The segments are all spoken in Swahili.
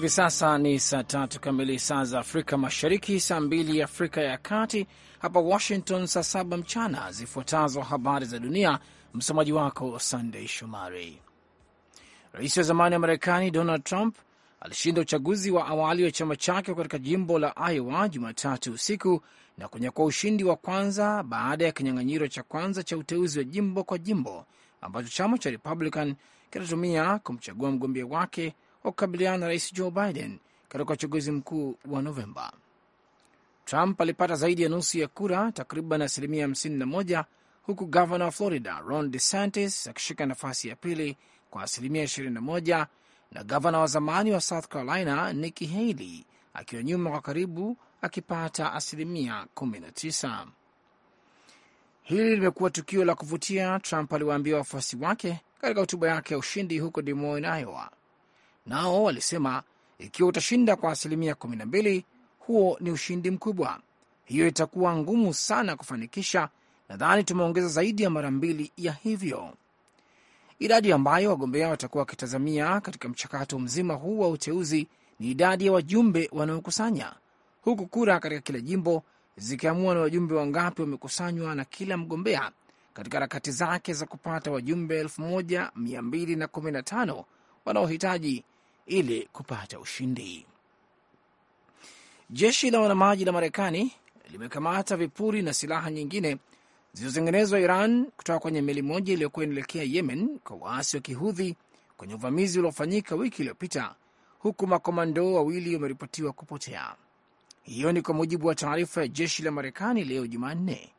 Hivi sasa ni saa tatu kamili saa za Afrika Mashariki, saa mbili Afrika ya Kati, hapa Washington saa saba mchana. Zifuatazo habari za dunia, msomaji wako Sandei Shomari. Rais wa zamani wa Marekani Donald Trump alishinda uchaguzi wa awali wa chama chake katika jimbo la Iowa Jumatatu usiku na kunyakua ushindi wa kwanza baada ya kinyang'anyiro cha kwanza cha uteuzi wa jimbo kwa jimbo ambacho chama cha Republican kinatumia kumchagua mgombea wake wa kukabiliana na rais Joe Biden katika uchaguzi mkuu wa Novemba. Trump alipata zaidi ya nusu ya kura, takriban asilimia 51, huku gavana wa Florida Ron DeSantis akishika nafasi ya pili kwa asilimia 21 na gavana wa zamani wa South Carolina Nikki Haley akiwa nyuma kwa karibu akipata asilimia 19. Hili limekuwa tukio la kuvutia, Trump aliwaambia wafuasi wake katika hotuba yake ya ushindi huko Des Moines, Iowa, Nao walisema ikiwa utashinda kwa asilimia 12, huo ni ushindi mkubwa. Hiyo itakuwa ngumu sana kufanikisha. Nadhani tumeongeza zaidi ya mara mbili ya hivyo, idadi ambayo wagombea watakuwa wakitazamia katika mchakato mzima huu wa uteuzi ni idadi ya wajumbe wanaokusanya, huku kura katika kila jimbo zikiamua na wajumbe wangapi wamekusanywa na kila mgombea katika harakati zake za kupata wajumbe 1215 wanaohitaji ili kupata ushindi. Jeshi la wanamaji la Marekani limekamata vipuri na silaha nyingine zilizotengenezwa Iran kutoka kwenye meli moja iliyokuwa inaelekea Yemen kwa waasi wa Kihudhi kwenye uvamizi uliofanyika wiki iliyopita, huku makomando wawili wameripotiwa kupotea. Hiyo ni kwa mujibu wa taarifa ya jeshi la Marekani leo Jumanne.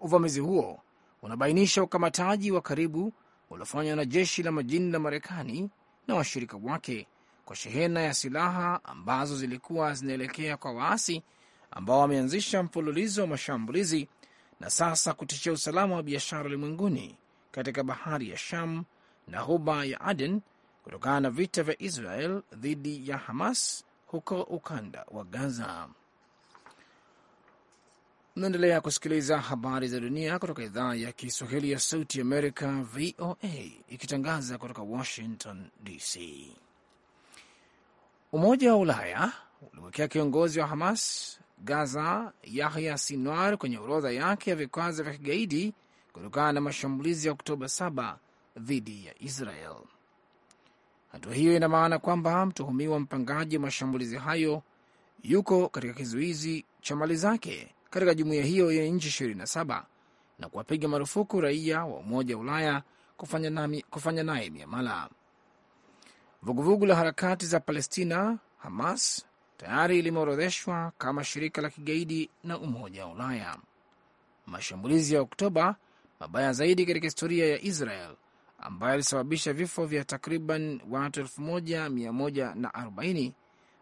Uvamizi huo unabainisha ukamataji wa karibu uliofanywa na jeshi la majini la Marekani na washirika wake kwa shehena ya silaha ambazo zilikuwa zinaelekea kwa waasi ambao wameanzisha mfululizo wa mashambulizi na sasa kutishia usalama wa biashara ulimwenguni katika bahari ya Sham na ghuba ya Aden kutokana na vita vya Israel dhidi ya Hamas huko ukanda wa Gaza. Mnaendelea kusikiliza habari za dunia kutoka idhaa ya Kiswahili ya sauti Amerika, VOA, ikitangaza kutoka Washington DC. Umoja wa Ulaya ulimwekea kiongozi wa Hamas Gaza Yahya Sinwar kwenye orodha yake ya vikwazo vya kigaidi kutokana na mashambulizi ya Oktoba 7 dhidi ya Israel. Hatua hiyo ina maana kwamba mtuhumiwa mpangaji wa mashambulizi hayo yuko katika kizuizi cha mali zake katika jumuiya hiyo yenye nchi 27 na kuwapiga marufuku raia wa Umoja wa Ulaya kufanya naye miamala. Vuguvugu la harakati za Palestina Hamas tayari limeorodheshwa kama shirika la kigaidi na Umoja wa Ulaya. Mashambulizi ya Oktoba mabaya zaidi katika historia ya Israel ambayo yalisababisha vifo vya takriban watu 1140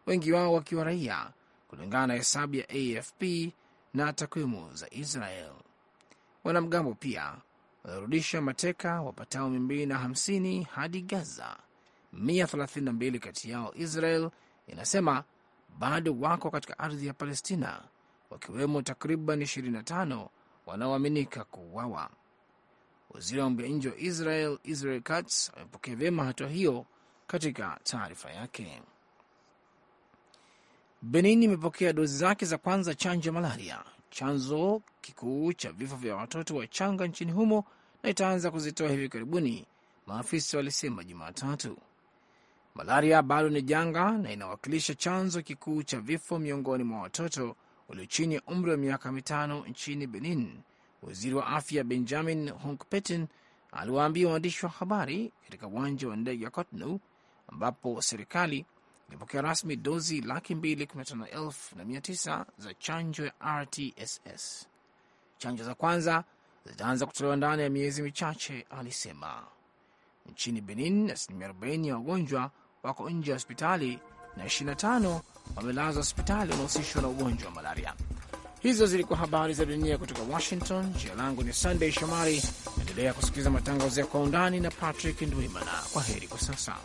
wengi wao wakiwa raia, kulingana na hesabu ya AFP na takwimu za Israel. Wanamgambo pia walirudisha mateka wapatao 250 hadi Gaza, 132 kati yao Israel inasema bado wako katika ardhi ya Palestina, wakiwemo takriban 25 wanaoaminika kuuawa. Waziri wa mambo ya nje wa Israel Israel Katz amepokea vyema hatua hiyo katika taarifa yake. Benin imepokea dozi zake za kwanza chanjo ya malaria, chanzo kikuu cha vifo vya watoto wachanga nchini humo, na itaanza kuzitoa hivi karibuni, maafisa walisema Jumatatu. Malaria bado ni janga na inawakilisha chanzo kikuu cha vifo miongoni mwa watoto walio chini ya umri wa miaka mitano nchini Benin. Waziri wa afya Benjamin Hunkpetin aliwaambia waandishi wa habari katika uwanja wa ndege wa Cotonou ambapo serikali imepokea rasmi dozi laki mbili kumi na tano elfu na mia tisa za chanjo ya RTSS. Chanjo za kwanza zitaanza kutolewa ndani ya miezi michache, alisema. Nchini Benin, asilimia 40 ya wagonjwa wako nje ya hospitali na 25 wamelazwa hospitali wanaohusishwa na ugonjwa wa malaria. Hizo zilikuwa habari za dunia kutoka Washington. Jina langu ni Sandey Shomari. Endelea kusikiliza matangazo ya Kwa Undani na Patrick Ndwimana. Kwa heri kwa sasa.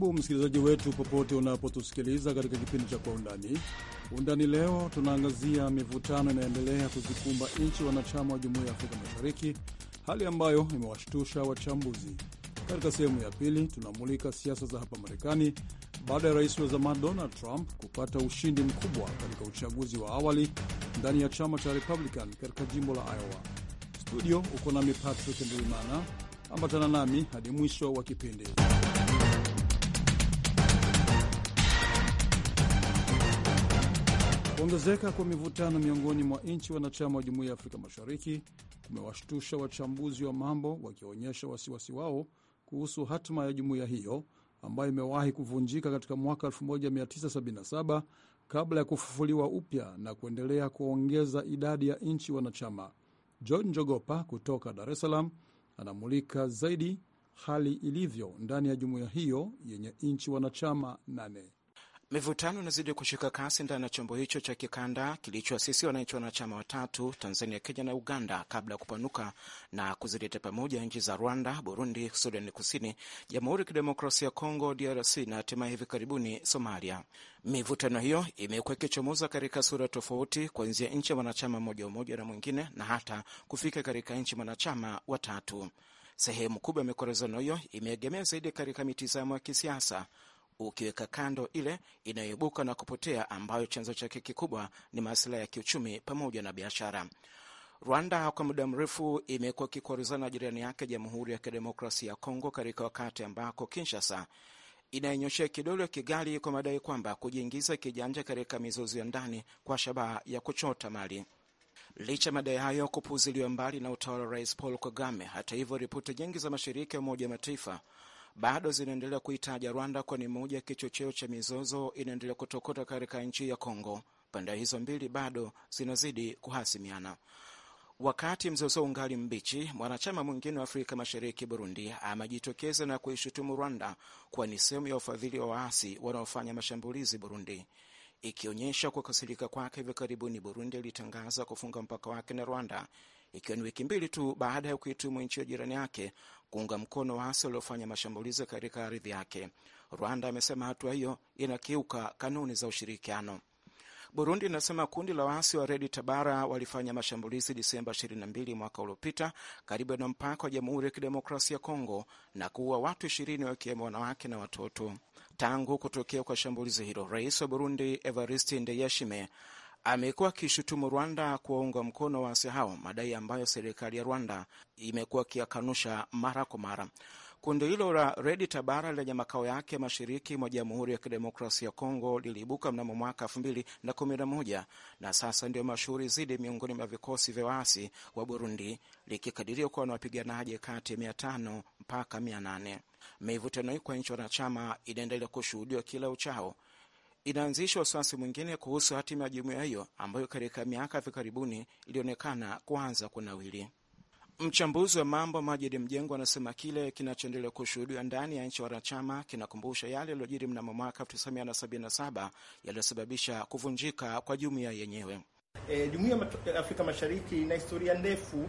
Karibu msikilizaji wetu popote unapotusikiliza katika kipindi cha Kwa Undani. Undani leo tunaangazia mivutano inayoendelea kuzikumba nchi wanachama wa Jumuiya ya Afrika Mashariki, hali ambayo imewashtusha wachambuzi. Katika sehemu ya pili tunamulika siasa za hapa Marekani baada ya rais wa zamani Donald Trump kupata ushindi mkubwa katika uchaguzi wa awali ndani ya chama cha Republican katika jimbo la Iowa. Studio uko nami Patrick Nduimana, ambatana nami hadi mwisho wa kipindi. Kuongezeka kwa mivutano miongoni mwa nchi wanachama wa Jumuiya ya Afrika Mashariki kumewashtusha wachambuzi wa mambo wakionyesha wasiwasi wao kuhusu hatima ya jumuiya hiyo ambayo imewahi kuvunjika katika mwaka 1977 kabla ya kufufuliwa upya na kuendelea kuongeza idadi ya nchi wanachama. John Njogopa kutoka Dar es Salaam anamulika zaidi hali ilivyo ndani ya jumuiya hiyo yenye nchi wanachama nane. Mivutano inazidi kushika kasi ndani ya chombo hicho cha kikanda kilichoasisiwa na nchi wanachama watatu Tanzania, Kenya na Uganda kabla ya kupanuka na kuzileta pamoja nchi za Rwanda, Burundi, Sudani Kusini, Jamhuri ya Kidemokrasia ya Kongo DRC na hatimaye hivi karibuni Somalia. Mivutano hiyo imekuwa ikichomoza katika sura tofauti, kuanzia nchi mwanachama moja umoja na mwingine na hata kufika katika nchi mwanachama watatu. Sehemu kubwa ya mikorezano hiyo imeegemea zaidi katika mitizamo ya kisiasa ukiweka kando ile inayoibuka na kupotea ambayo chanzo chake kikubwa ni masuala ya kiuchumi pamoja na biashara. Rwanda kwa muda mrefu imekuwa ikikwaruzana jirani yake Jamhuri ya Kidemokrasia ya Kongo, katika wakati ambako Kinshasa inayenyoshea kidole Kigali kwa madai kwamba kujiingiza kijanja katika mizozo ya ndani kwa shabaha ya kuchota mali. Licha madai hayo kupuziliwa mbali na utawala wa Rais Paul Kagame, hata hivyo, ripoti nyingi za mashirika ya Umoja wa Mataifa bado zinaendelea kuitaja Rwanda kuwa ni moja ya kichocheo cha mizozo inaendelea kutokota katika nchi ya Kongo. Pande hizo mbili bado zinazidi kuhasimiana. Wakati mzozo ungali mbichi, mwanachama mwingine wa Afrika Mashariki, Burundi, amejitokeza na kuishutumu Rwanda kuwa ni sehemu ya ufadhili wa waasi wanaofanya mashambulizi Burundi, ikionyesha kukasirika kwake. Hivi karibuni Burundi ilitangaza kufunga mpaka wake na Rwanda, ikiwa ni wiki mbili tu baada ya kuitumu nchi ya jirani yake kuunga mkono waasi waliofanya mashambulizi katika ardhi yake. Rwanda amesema hatua hiyo inakiuka kanuni za ushirikiano. Burundi inasema kundi la waasi wa Redi Tabara walifanya mashambulizi Disemba 22 mwaka uliopita karibu na mpaka wa Jamhuri ya Kidemokrasia ya Kongo na kuua watu ishirini wakiwemo wanawake na watoto. Tangu kutokea kwa shambulizi hilo, rais wa Burundi Evaristi Ndeyeshime amekuwa akishutumu Rwanda kuwaunga mkono waasi hao, madai ambayo serikali ya Rwanda imekuwa ikiyakanusha mara kwa mara. Kundi hilo la Redi Tabara lenye makao yake mashariki mwa Jamhuri ya Kidemokrasia ya Kongo liliibuka mnamo mwaka mbili na, na sasa ndio mashuhuri zaidi miongoni mwa vikosi vya waasi wa Burundi, likikadiriwa kuwa na wapiganaji kati ya tano mpaka nane. Mivutano hii kwa nchi wanachama inaendelea kushuhudiwa kila uchao inaanzisha wasiwasi mwingine kuhusu hatima ya jumuiya hiyo ambayo katika miaka hivi karibuni ilionekana kuanza kunawili. Mchambuzi wa mambo majidi Mjengo anasema kile kinachoendelea kushuhudiwa ndani ya nchi wanachama kinakumbusha yale yaliyojiri mnamo mwaka 1977 yaliyosababisha kuvunjika kwa jumuiya yenyewe. E, jumuiya ya Afrika Mashariki ina historia ndefu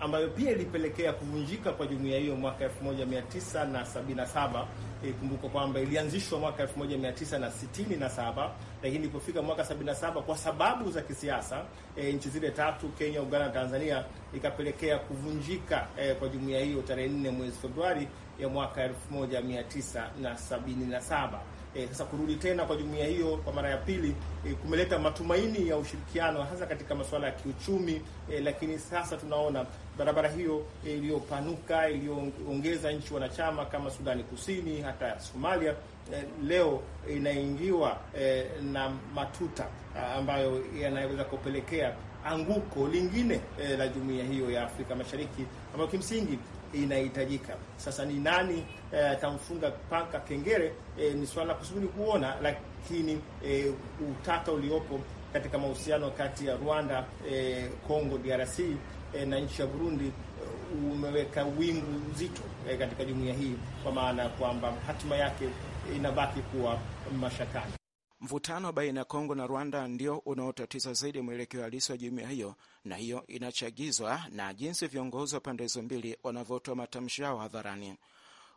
ambayo pia ilipelekea kuvunjika kwa jumuiya hiyo mwaka 1977. Ikumbuka e, kwamba ilianzishwa mwaka 1967, lakini ilipofika mwaka 77 kwa sababu za kisiasa e, nchi zile tatu Kenya, Uganda na Tanzania ikapelekea kuvunjika e, kwa jumuiya hiyo tarehe 4 mwezi Februari ya mwaka 1977. E, sasa kurudi tena kwa jumuiya hiyo kwa mara ya pili e, kumeleta matumaini ya ushirikiano hasa katika masuala ya kiuchumi e, lakini sasa tunaona barabara hiyo iliyopanuka e, iliyoongeza nchi wanachama kama Sudani Kusini hata Somalia e, leo inaingiwa e, na matuta ah, ambayo yanaweza kupelekea anguko lingine e, la jumuiya hiyo ya Afrika Mashariki ambayo kimsingi inahitajika. Sasa ni nani eh, atamfunga eh, paka kengere eh, ni swala la kusubiri kuona, lakini eh, utata uliopo katika mahusiano kati ya Rwanda eh, Congo DRC eh, na nchi ya Burundi eh, umeweka wingu mzito eh, katika jumuiya hii, kwa maana ya kwamba hatima yake inabaki kuwa mashakani. Mvutano baina ya Kongo na Rwanda ndio unaotatiza zaidi mwelekeo halisi wa jumuiya hiyo na hiyo inachagizwa na jinsi viongozi wa pande hizo mbili wanavyotoa matamshi yao hadharani.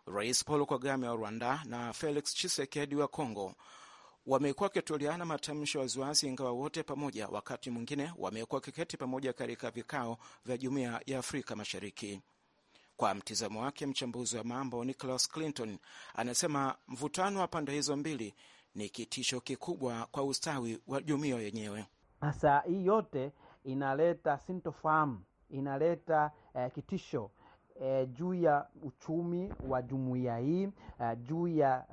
Rais Paul Kagame wa Rwanda na Felix Tshisekedi wa congo wamekuwa wakitoliana matamshi ya waziwazi, ingawa wote pamoja wakati mwingine wamekuwa wakiketi pamoja katika vikao vya Jumuiya ya Afrika Mashariki. Kwa mtizamo wake, mchambuzi wa mambo Nicholas Clinton anasema mvutano wa pande hizo mbili ni kitisho kikubwa kwa ustawi wa jumuiya yenyewe. Sasa hii yote inaleta sintofahamu, inaleta eh, kitisho eh, juu ya uchumi wa jumuiya hii eh, juu ya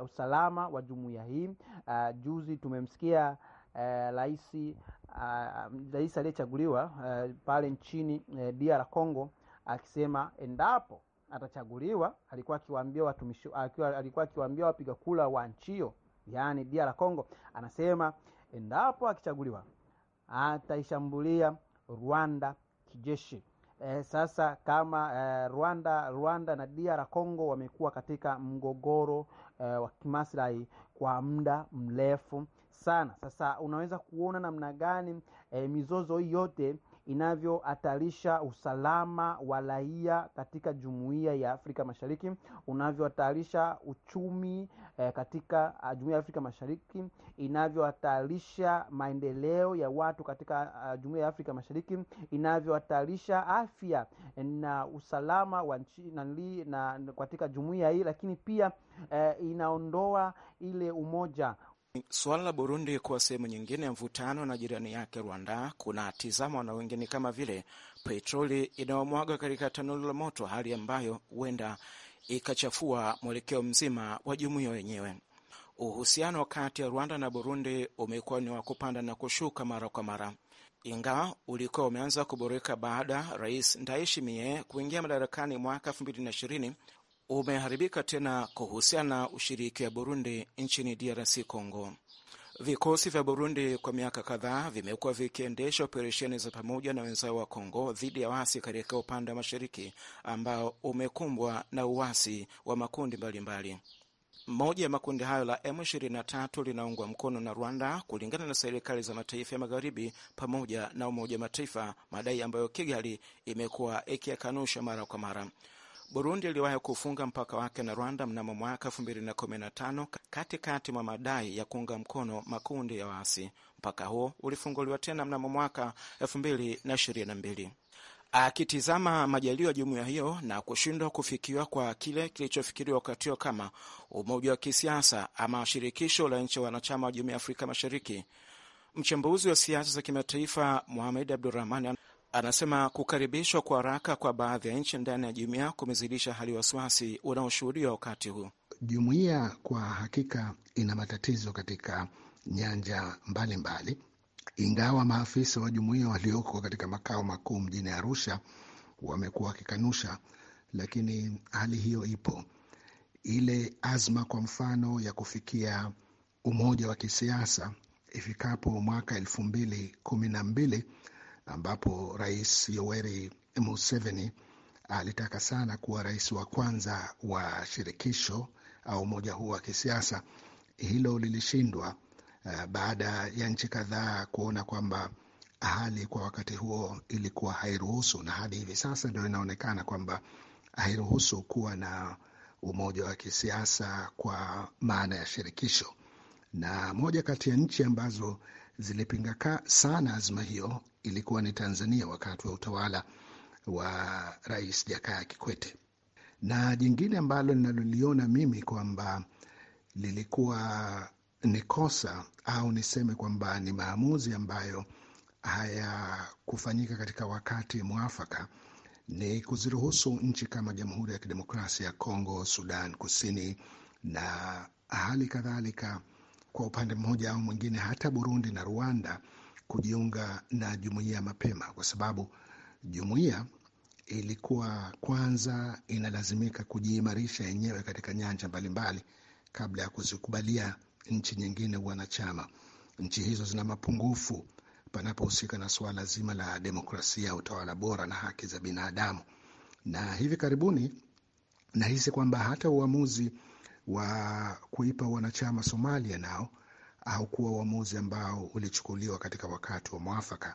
uh, usalama wa jumuiya hii uh, juzi tumemsikia eh, rais uh, rais uh, aliyechaguliwa uh, pale nchini uh, DR Congo akisema endapo atachaguliwa, alikuwa akiwaambia watumishi, alikuwa akiwaambia wapiga kula wa nchio yani dia DR Congo, anasema endapo akichaguliwa ataishambulia Rwanda kijeshi. E, sasa kama e, Rwanda Rwanda na DR Congo wamekuwa katika mgogoro e, wa kimaslahi kwa muda mrefu sana. Sasa unaweza kuona namna gani e, mizozo hii yote inavyohatarisha usalama wa raia katika jumuiya ya Afrika Mashariki, unavyohatarisha uchumi eh, katika ah, jumuiya ya Afrika Mashariki, inavyohatarisha maendeleo ya watu katika uh, jumuiya ya Afrika Mashariki, inavyohatarisha afya eh, na usalama wa nchi na, na katika jumuiya hii, lakini pia eh, inaondoa ile umoja Suala la Burundi kuwa sehemu nyingine ya mvutano na jirani yake Rwanda tizama na wengine kama vile petroli inayomwaga katika tanuru la moto, hali ambayo huenda ikachafua mwelekeo mzima wa jumuiya wenyewe. Uhusiano kati ya Rwanda na Burundi umekuwa ni wa kupanda na kushuka mara kwa mara, ingawa ulikuwa umeanza kuboreka baada Rais Ndayishimiye kuingia madarakani mwaka 2020 umeharibika tena kuhusiana na ushiriki wa Burundi nchini DRC Congo. Vikosi vya Burundi kwa miaka kadhaa vimekuwa vikiendesha operesheni za pamoja na wenzao wa congo dhidi ya waasi katika upande wa mashariki ambao umekumbwa na uasi wa makundi mbalimbali mbali. Mmoja ya makundi hayo la M23 linaungwa mkono na Rwanda kulingana na serikali za mataifa ya magharibi pamoja na Umoja wa Mataifa, madai ambayo Kigali imekuwa ikiyakanusha mara kwa mara. Burundi iliwahi kufunga mpaka wake na Rwanda mnamo mwaka 2015 katikati mwa madai ya kuunga mkono makundi ya waasi. Mpaka huo ulifunguliwa tena mnamo mwaka 2022. Akitizama majalio ya jumuiya hiyo na kushindwa kufikiwa kwa kile kilichofikiriwa wakati huo kama umoja wa kisiasa ama shirikisho la nchi wanachama wa jumuiya ya Afrika Mashariki, mchambuzi wa siasa za kimataifa Muhamed Abdurahmani Anasema kukaribishwa kwa haraka kwa baadhi ya nchi ndani ya jumuiya kumezidisha hali ya wasiwasi unaoshuhudiwa wakati huu. Jumuiya kwa hakika ina matatizo katika nyanja mbalimbali mbali. Ingawa maafisa wa jumuiya walioko katika makao makuu mjini Arusha wamekuwa wakikanusha, lakini hali hiyo ipo. Ile azma kwa mfano ya kufikia umoja wa kisiasa ifikapo mwaka elfu mbili kumi na mbili ambapo Rais Yoweri Museveni alitaka sana kuwa rais wa kwanza wa shirikisho au umoja huu wa kisiasa. Hilo lilishindwa uh, baada ya nchi kadhaa kuona kwamba hali kwa wakati huo ilikuwa hairuhusu, na hadi hivi sasa ndio inaonekana kwamba hairuhusu kuwa na umoja wa kisiasa kwa maana ya shirikisho. Na moja kati ya nchi ambazo zilipinga sana azma hiyo ilikuwa ni Tanzania wakati wa utawala wa Rais Jakaya Kikwete. Na jingine ambalo ninaloliona mimi kwamba lilikuwa ni kosa au niseme kwamba ni maamuzi ambayo hayakufanyika katika wakati mwafaka ni kuziruhusu nchi kama Jamhuri ya Kidemokrasia ya Kongo, Sudan Kusini na hali kadhalika, kwa upande mmoja au mwingine, hata Burundi na Rwanda kujiunga na jumuiya mapema, kwa sababu jumuiya ilikuwa kwanza inalazimika kujiimarisha yenyewe katika nyanja mbalimbali kabla ya kuzikubalia nchi nyingine wanachama. Nchi hizo zina mapungufu panapohusika na suala zima la demokrasia, utawala bora na haki za binadamu. Na hivi karibuni nahisi kwamba hata uamuzi wa kuipa wanachama Somalia nao haukuwa uamuzi ambao ulichukuliwa katika wakati wa mwafaka.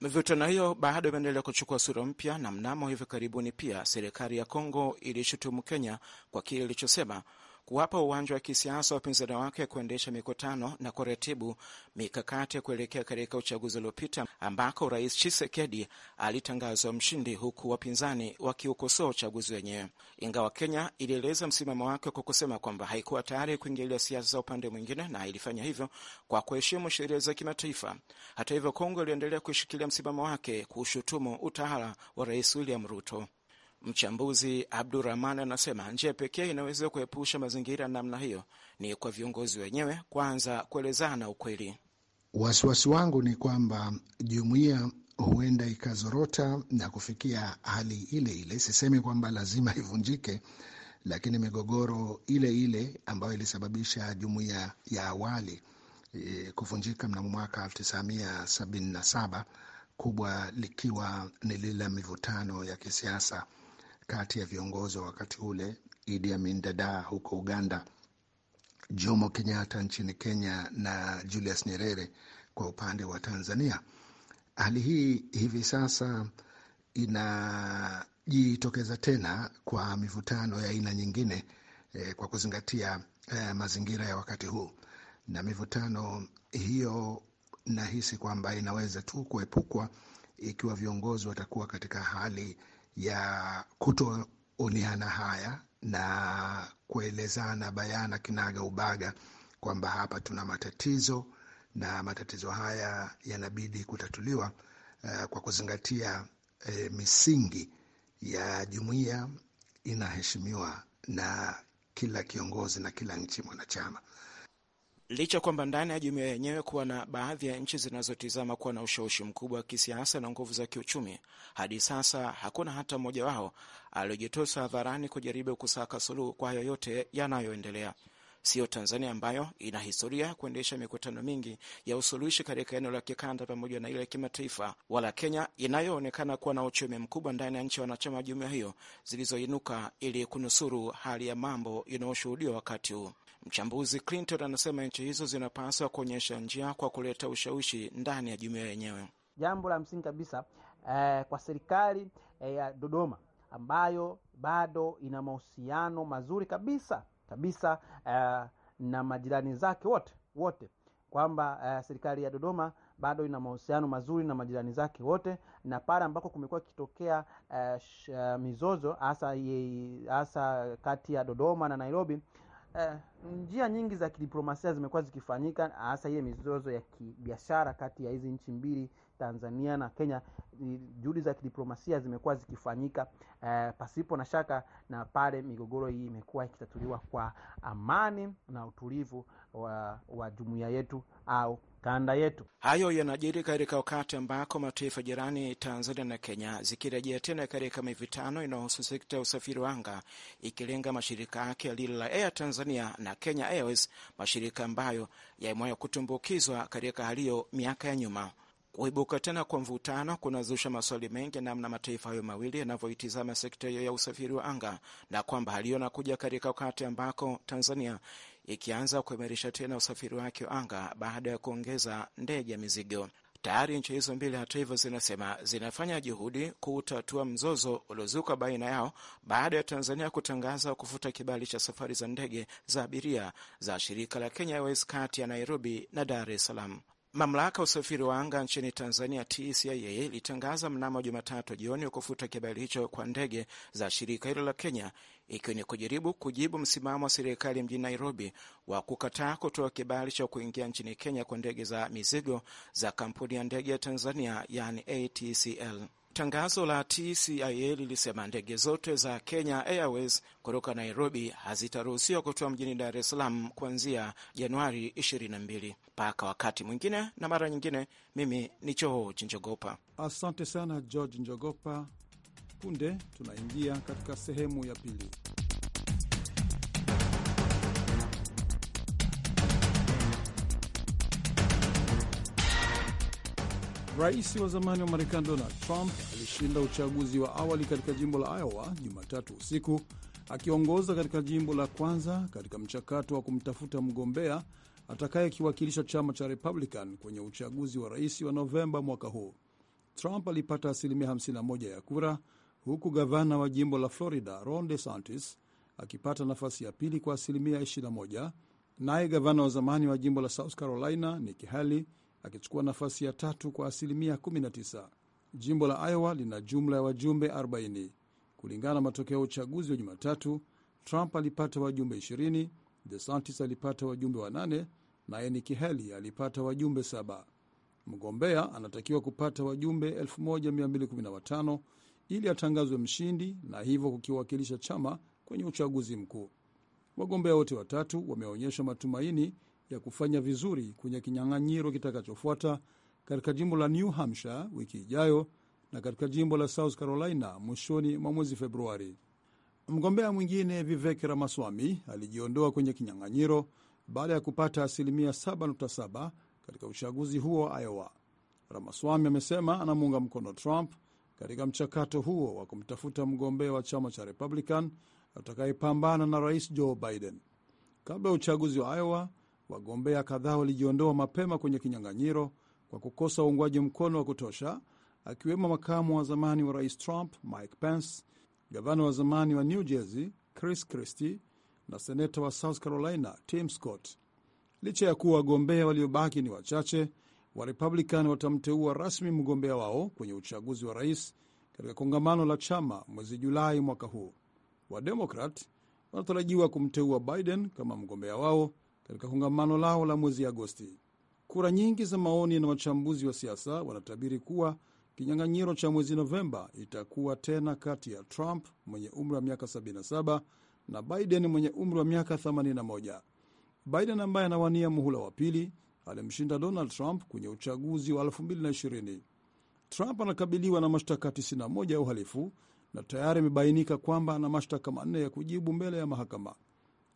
Mivutano hiyo bado imeendelea kuchukua sura mpya, na mnamo hivi karibuni pia serikali ya Kongo ilishutumu Kenya kwa kile ilichosema kuwapa uwanja wa kisiasa wapinzani wake kuendesha mikutano na kuratibu mikakati ya kuelekea katika uchaguzi uliopita ambako Rais Chisekedi alitangazwa mshindi, huku wapinzani wakiukosoa uchaguzi wenyewe, ingawa Kenya ilieleza msimamo wake kwa kusema kwamba haikuwa tayari kuingilia siasa za upande mwingine na ilifanya hivyo kwa kuheshimu sheria za kimataifa. Hata hivyo, Kongo iliendelea kushikilia msimamo wake, kuushutumu utawala wa Rais William Ruto. Mchambuzi Abdurahman anasema njia pekee inaweza kuepusha mazingira namna hiyo ni kwa viongozi wenyewe kwanza kuelezana ukweli. Wasiwasi wangu ni kwamba jumuiya huenda ikazorota na kufikia hali ile ile. Sisemi kwamba lazima ivunjike, lakini migogoro ile ile ambayo ilisababisha jumuiya ya awali e, kuvunjika mnamo mwaka 1977 kubwa likiwa ni lile la mivutano ya kisiasa kati ya viongozi wa wakati ule Idi Amin Dada huko Uganda, Jomo Kenyatta nchini Kenya na Julius Nyerere kwa upande wa Tanzania. Hali hii hivi sasa inajitokeza tena kwa mivutano ya aina nyingine eh, kwa kuzingatia eh, mazingira ya wakati huu, na mivutano hiyo nahisi kwamba inaweza tu kuepukwa ikiwa viongozi watakuwa katika hali ya kutooneana haya na kuelezana bayana kinaga ubaga kwamba hapa tuna matatizo na matatizo haya yanabidi kutatuliwa uh, kwa kuzingatia uh, misingi ya jumuiya inaheshimiwa na kila kiongozi na kila nchi mwanachama licha kwamba ndani ya jumuiya yenyewe kuwa na baadhi ya nchi zinazotizama kuwa na ushawishi mkubwa wa kisiasa na nguvu za kiuchumi, hadi sasa hakuna hata mmoja wao aliojitosa hadharani kujaribu kusaka suluhu kwa hayo yote yanayoendelea. Siyo Tanzania ambayo ina historia ya kuendesha mikutano mingi ya usuluhishi katika eneo la kikanda pamoja na ile ya kimataifa, wala Kenya inayoonekana kuwa na uchumi mkubwa ndani ya nchi wanachama wa jumuiya hiyo zilizoinuka ili kunusuru hali ya mambo inayoshuhudiwa wakati huu. Mchambuzi Clinton anasema nchi hizo zinapaswa kuonyesha njia kwa kuleta ushawishi ndani ya jumuiya yenyewe. Jambo la msingi kabisa eh, kwa serikali eh, ya Dodoma ambayo bado ina mahusiano mazuri kabisa kabisa eh, na majirani zake wote wote, kwamba eh, serikali ya Dodoma bado ina mahusiano mazuri na majirani zake wote, na pale ambako kumekuwa ikitokea eh, eh, mizozo hasa hasa kati ya Dodoma na Nairobi eh, njia nyingi za kidiplomasia zimekuwa zikifanyika hasa ile mizozo ya kibiashara kati ya hizi nchi mbili tanzania na kenya juhudi za kidiplomasia zimekuwa zikifanyika eh, pasipo na shaka na pale migogoro hii imekuwa ikitatuliwa kwa amani na utulivu wa, wa jumuiya yetu au kanda yetu. Hayo yanajiri katika wakati ambako mataifa jirani Tanzania na Kenya zikirejea tena katika mivutano inayohusu sekta ya usafiri wa anga ikilenga mashirika yake ya lile la Air Tanzania na Kenya Airways, mashirika ambayo yamewahi kutumbukizwa katika hali hiyo miaka ya nyuma. Kuibuka tena kwa mvutano kunazusha maswali mengi namna mataifa hayo mawili yanavyoitizama sekta hiyo ya usafiri wa anga, na kwamba haliyo nakuja katika wakati ambako Tanzania ikianza kuimarisha tena usafiri wake wa anga baada ya kuongeza ndege ya mizigo. Tayari nchi hizo mbili, hata hivyo, zinasema zinafanya juhudi kutatua mzozo uliozuka baina yao baada ya Tanzania kutangaza kufuta kibali cha safari za ndege za abiria za shirika la Kenya Airways kati ya Nairobi na Dar es Salaam. Mamlaka ya usafiri wa anga nchini Tanzania, TCIA, ilitangaza mnamo Jumatatu jioni wa kufuta kibali hicho kwa ndege za shirika hilo la Kenya, ikiwa ni kujaribu kujibu msimamo wa serikali mjini Nairobi wa kukataa kutoa kibali cha kuingia nchini Kenya kwa ndege za mizigo za kampuni ya ndege ya Tanzania, yani ATCL. Tangazo la TCIA lilisema ndege zote za Kenya Airways kutoka Nairobi hazitaruhusiwa kutua mjini Dar es Salaam kuanzia Januari 22 mpaka wakati mwingine na mara nyingine. Mimi ni George Njogopa. Asante sana George Njogopa. Punde tunaingia katika sehemu ya pili. Rais wa zamani wa Marekani Donald Trump alishinda uchaguzi wa awali katika jimbo la Iowa Jumatatu usiku akiongoza katika jimbo la kwanza katika mchakato wa kumtafuta mgombea atakayekiwakilisha chama cha Republican kwenye uchaguzi wa rais wa Novemba mwaka huu. Trump alipata asilimia 51 ya kura huku gavana wa jimbo la Florida Ron DeSantis akipata nafasi ya pili kwa asilimia 21, naye gavana wa zamani wa jimbo la South Carolina Nikki Haley akichukua nafasi ya tatu kwa asilimia 19. Jimbo la Iowa lina jumla ya wajumbe 40. Kulingana na matokeo ya uchaguzi wa Jumatatu, Trump alipata wajumbe 20, DeSantis alipata wajumbe wanane na Nikki Haley alipata wajumbe saba. Mgombea anatakiwa kupata wajumbe 1215 ili atangazwe mshindi na hivyo kukiwakilisha chama kwenye uchaguzi mkuu. Wagombea wote watatu wameonyesha matumaini ya kufanya vizuri kwenye kinyang'anyiro kitakachofuata katika jimbo la New Hampshire wiki ijayo na katika jimbo la South Carolina mwishoni mwa mwezi Februari. Mgombea mwingine Vivek Ramaswamy alijiondoa kwenye kinyang'anyiro baada ya kupata asilimia 7.7 katika uchaguzi huo wa Iowa. Ramaswamy amesema anamuunga mkono Trump katika mchakato huo wa kumtafuta mgombea wa chama cha Republican atakayepambana na rais Joe Biden. Kabla ya uchaguzi wa Iowa, wagombea kadhaa walijiondoa mapema kwenye kinyang'anyiro kwa kukosa uungwaji mkono wa kutosha, akiwemo makamu wa zamani wa rais Trump Mike Pence, gavana wa zamani wa New Jersey Chris Christie na seneta wa South Carolina Tim Scott. Licha ya kuwa wagombea waliobaki ni wachache, Warepublican watamteua rasmi mgombea wao kwenye uchaguzi wa rais katika kongamano la chama mwezi Julai mwaka huu. Wademokrat wanatarajiwa kumteua Biden kama mgombea wao katika kongamano lao la mwezi Agosti. Kura nyingi za maoni na wachambuzi wa siasa wanatabiri kuwa kinyang'anyiro cha mwezi Novemba itakuwa tena kati ya Trump mwenye umri wa miaka 77 na Biden mwenye umri wa miaka 81. Biden ambaye anawania muhula wa pili alimshinda Donald Trump kwenye uchaguzi wa 2020. Trump anakabiliwa na mashtaka 91 ya uhalifu na tayari imebainika kwamba ana mashtaka manne ya kujibu mbele ya mahakama.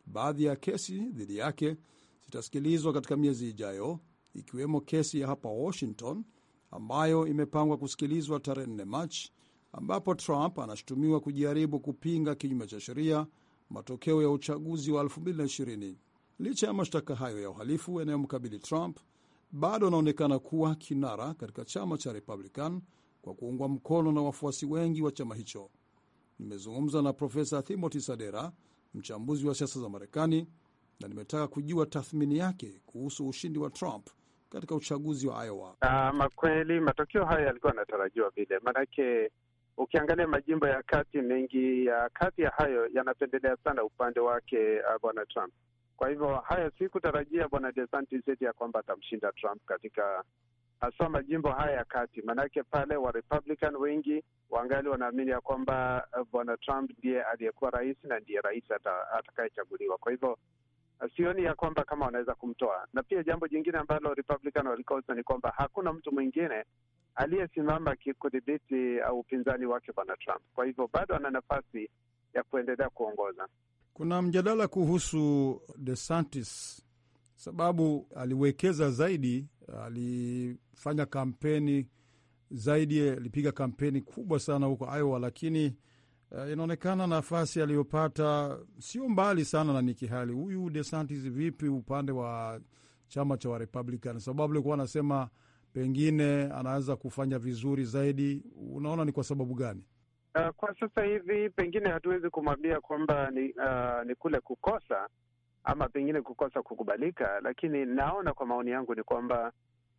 Baadhi ya kesi dhidi yake zitasikilizwa katika miezi ijayo, ikiwemo kesi ya hapa Washington ambayo imepangwa kusikilizwa tarehe 4 Machi, ambapo Trump anashutumiwa kujaribu kupinga kinyume cha sheria matokeo ya uchaguzi wa 2020. Licha ya mashtaka hayo ya uhalifu yanayomkabili Trump, bado anaonekana kuwa kinara katika chama cha Republican kwa kuungwa mkono na wafuasi wengi wa chama hicho. Nimezungumza na Profesa Timothy Sadera mchambuzi wa siasa za Marekani, na nimetaka kujua tathmini yake kuhusu ushindi wa Trump katika uchaguzi wa Iowa. Uh, makweli matokeo hayo yalikuwa yanatarajiwa vile, maanake ukiangalia majimbo ya kati mengi ya kati ya hayo yanapendelea sana upande wake uh, bwana Trump. Kwa hivyo hayo si kutarajia bwana DeSantis ya kwamba atamshinda Trump katika haswa majimbo haya ya kati, maanake pale wa Republican wengi wangali wanaamini ya kwamba eh, bwana Trump ndiye aliyekuwa rais na ndiye rais atakayechaguliwa. Kwa hivyo eh, sioni ya kwamba kama wanaweza kumtoa. Na pia jambo jingine ambalo Republican walikosa ni kwamba hakuna mtu mwingine aliyesimama kudhibiti eh, upinzani wake bwana Trump. Kwa hivyo bado ana nafasi ya kuendelea kuongoza. Kuna mjadala kuhusu DeSantis sababu aliwekeza zaidi, ali alifanya kampeni zaidi, alipiga kampeni kubwa sana huko Iowa, lakini uh, inaonekana nafasi aliyopata sio mbali sana na Nikki Haley. Huyu DeSantis vipi upande wa chama cha Warepublican? Sababu alikuwa anasema pengine anaweza kufanya vizuri zaidi, unaona ni kwa sababu gani? Uh, kwa sasa hivi pengine hatuwezi kumwambia kwamba ni, uh, ni kule kukosa ama pengine kukosa kukubalika, lakini naona kwa maoni yangu ni kwamba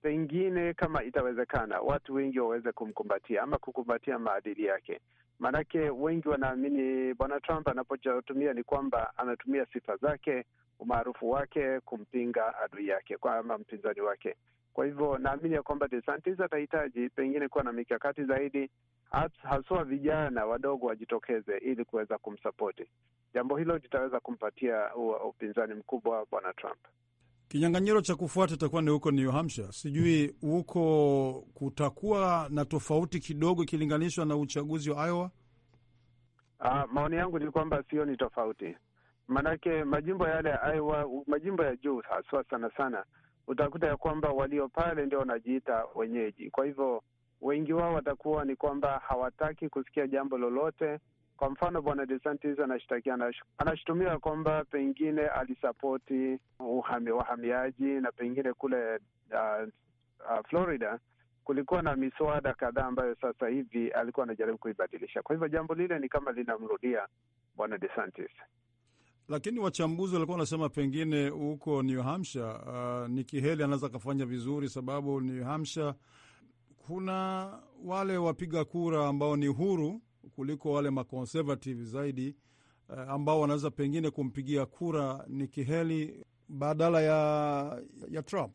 pengine kama itawezekana, watu wengi waweze kumkumbatia ama kukumbatia maadili yake. Maanake wengi wanaamini bwana Trump anapotumia ni kwamba anatumia sifa zake, umaarufu wake kumpinga adui yake ama mpinzani wake. Kwa hivyo naamini ya kwamba DeSantis atahitaji pengine kuwa na mikakati zaidi, haswa vijana wadogo wajitokeze ili kuweza kumsapoti. Jambo hilo litaweza kumpatia upinzani mkubwa bwana Trump. Kinyang'anyiro cha kufuata itakuwa ni huko New Hampshire. Sijui huko kutakuwa na tofauti kidogo ikilinganishwa na uchaguzi wa Iowa. Uh, maoni yangu ni kwamba sio, ni tofauti, maanake majimbo yale ya Iowa, majimbo ya juu haswa, sana sana utakuta ya kwamba walio pale ndio wanajiita wenyeji. Kwa hivyo wengi wao watakuwa ni kwamba hawataki kusikia jambo lolote kwa mfano bwana DeSantis anashtakia, anashutumiwa kwamba pengine alisapoti uhami, wahamiaji na pengine kule uh, uh, Florida kulikuwa na miswada kadhaa ambayo sasa hivi alikuwa anajaribu kuibadilisha. Kwa hivyo jambo lile ni kama linamrudia bwana DeSantis, lakini wachambuzi walikuwa wanasema pengine huko New Hampshire uh, Nikki Haley anaweza akafanya vizuri, sababu New Hampshire kuna wale wapiga kura ambao ni huru kuliko wale maconservative zaidi uh, ambao wanaweza pengine kumpigia kura Nikki Haley badala ya, ya Trump.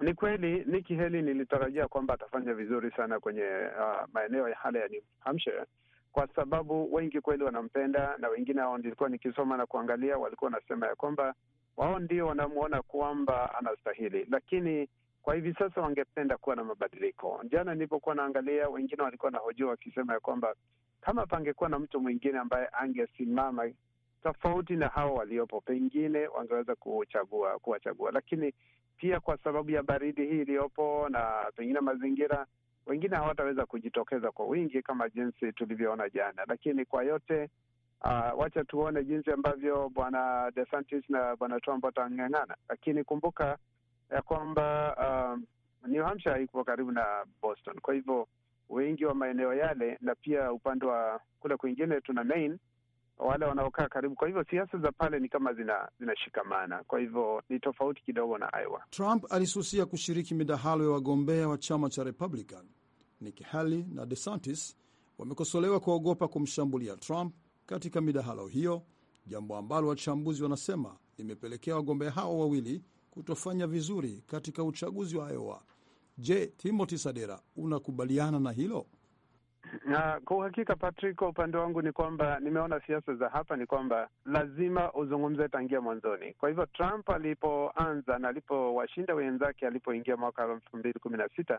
Ni kweli Nikki Haley nilitarajia kwamba atafanya vizuri sana kwenye uh, maeneo ya hale ya New Hampshire kwa sababu wengi kweli wanampenda na wengine hao, nilikuwa nikisoma na kuangalia, walikuwa wanasema ya kwamba wao ndio wanamwona kwamba anastahili, lakini kwa hivi sasa wangependa kuwa na mabadiliko. Jana nilipokuwa naangalia, wengine walikuwa hojua wakisema ya kwamba kama pangekuwa na mtu mwingine ambaye angesimama tofauti na hao waliopo, pengine wangeweza kuchagua kuwachagua, lakini pia kwa sababu ya baridi hii iliyopo na pengine mazingira, wengine hawataweza kujitokeza kwa wingi kama jinsi tulivyoona jana. Lakini kwa yote uh, wacha tuone jinsi ambavyo bwana DeSantis na bwana Trump watang'ang'ana, lakini kumbuka ya kwamba um, New Hampshire iko karibu na Boston, kwa hivyo wengi wa maeneo yale, na pia upande wa kule kwingine tuna main wale wanaokaa karibu. Kwa hivyo siasa za pale ni kama zina zinashikamana, kwa hivyo ni tofauti kidogo na Iowa. Trump alisusia kushiriki midahalo ya wagombea wa chama cha Republican. Nikki Haley na DeSantis wamekosolewa kuogopa kumshambulia Trump katika midahalo hiyo, jambo ambalo wachambuzi wanasema limepelekea wagombea hao wawili kutofanya vizuri katika uchaguzi wa Iowa Je, Timothy Sadera, unakubaliana na hilo? Na kwa uhakika Patrick, kwa upande wangu ni kwamba nimeona siasa za hapa ni kwamba lazima uzungumze tangia mwanzoni. Kwa hivyo Trump alipoanza na alipowashinda wenzake, alipoingia mwaka elfu mbili kumi na sita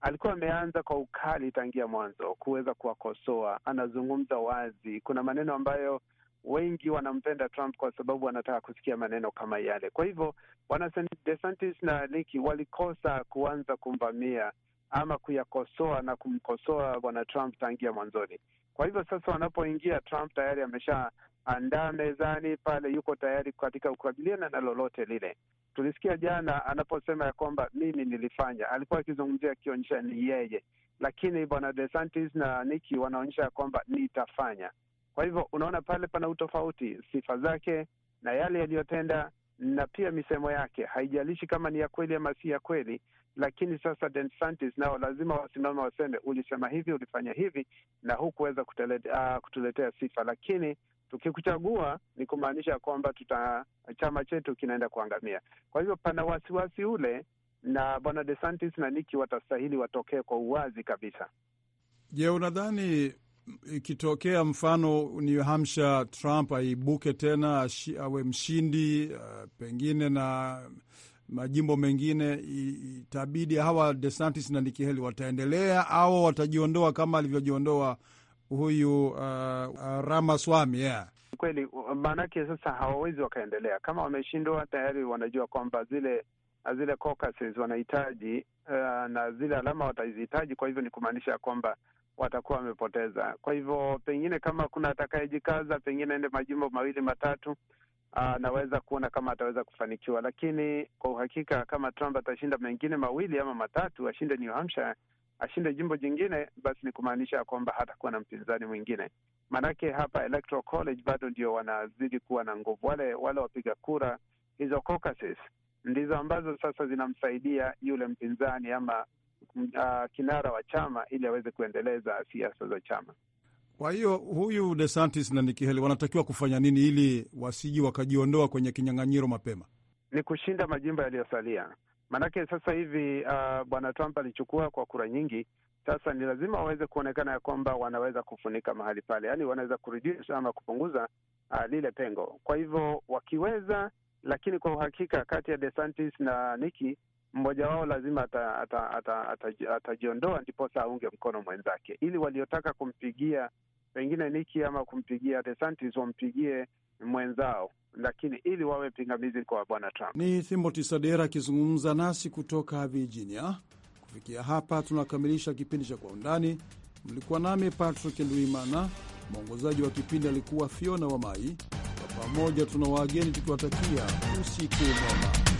alikuwa ameanza kwa ukali tangia mwanzo, kuweza kuwakosoa, anazungumza wazi. Kuna maneno ambayo wengi wanampenda Trump kwa sababu wanataka kusikia maneno kama yale. Kwa hivyo bwana DeSantis na Liki walikosa kuanza kumvamia ama kuyakosoa na kumkosoa bwana Trump tangia mwanzoni. Kwa hivyo sasa wanapoingia, Trump tayari ameshaandaa mezani pale, yuko tayari katika kukabiliana na lolote lile. Tulisikia jana anaposema ya kwamba mimi nilifanya, alikuwa akizungumzia akionyesha ni yeye, lakini bwana DeSantis na Nikki wanaonyesha ya kwamba nitafanya kwa hivyo unaona pale pana utofauti, sifa zake na yale yaliyotenda, na pia misemo yake, haijalishi kama ni ya kweli ama si ya kweli. Lakini sasa DeSantis nao lazima wasimama waseme, ulisema hivi, ulifanya hivi na hukuweza kuweza ah, kutuletea sifa, lakini tukikuchagua ni kumaanisha kwamba tuta chama chetu kinaenda kuangamia. Kwa hivyo pana wasiwasi ule, na bwana DeSantis na Niki watastahili watokee kwa uwazi kabisa. Je, unadhani ikitokea mfano New Hampshire Trump aibuke tena awe mshindi eh, pengine na majimbo mengine, itabidi hawa DeSantis na Nikki Haley wataendelea au watajiondoa kama alivyojiondoa huyu uh, uh, Ramaswamy yeah. Kweli maanake sasa hawawezi wakaendelea kama wameshindwa tayari. Wanajua kwamba zile zile caucuses wanahitaji uh, na zile alama watazihitaji, kwa hivyo ni kumaanisha kwamba watakuwa wamepoteza. Kwa hivyo pengine kama kuna atakayejikaza, pengine ende majimbo mawili matatu, ah, anaweza kuona kama ataweza kufanikiwa, lakini kwa uhakika kama Trump atashinda mengine mawili ama matatu, ashinde New Hampshire, ashinde jimbo jingine, basi ni kumaanisha ya kwamba hatakuwa na mpinzani mwingine. Maanake hapa Electoral College bado ndio wanazidi kuwa na nguvu, wale wale wapiga kura, hizo caucuses ndizo ambazo sasa zinamsaidia yule mpinzani ama uh, kinara wa chama ili aweze kuendeleza siasa za chama. Kwa hiyo huyu DeSantis na Nikki Haley wanatakiwa kufanya nini ili wasiji wakajiondoa kwenye kinyang'anyiro mapema? Ni kushinda majimbo yaliyosalia, maanake sasa hivi uh, bwana Trump alichukua kwa kura nyingi. Sasa ni lazima waweze kuonekana ya kwamba wanaweza kufunika mahali pale, yaani wanaweza kurudisha ama kupunguza uh, lile pengo. Kwa hivyo wakiweza, lakini kwa uhakika kati ya DeSantis na Nikki mmoja wao lazima atajiondoa ata, ata, ata, ata ndiposa aunge mkono mwenzake, ili waliotaka kumpigia pengine Niki ama kumpigia DeSantis wampigie mwenzao, lakini ili wawe pingamizi kwa bwana Trump. Ni Timothy Sadera akizungumza nasi kutoka Virginia. Kufikia hapa tunakamilisha kipindi cha Kwa Undani. Mlikuwa nami Patrick nduimana mwongozaji wa kipindi alikuwa Fiona wa mai Kwa pamoja tuna wageni tukiwatakia usiku mwema.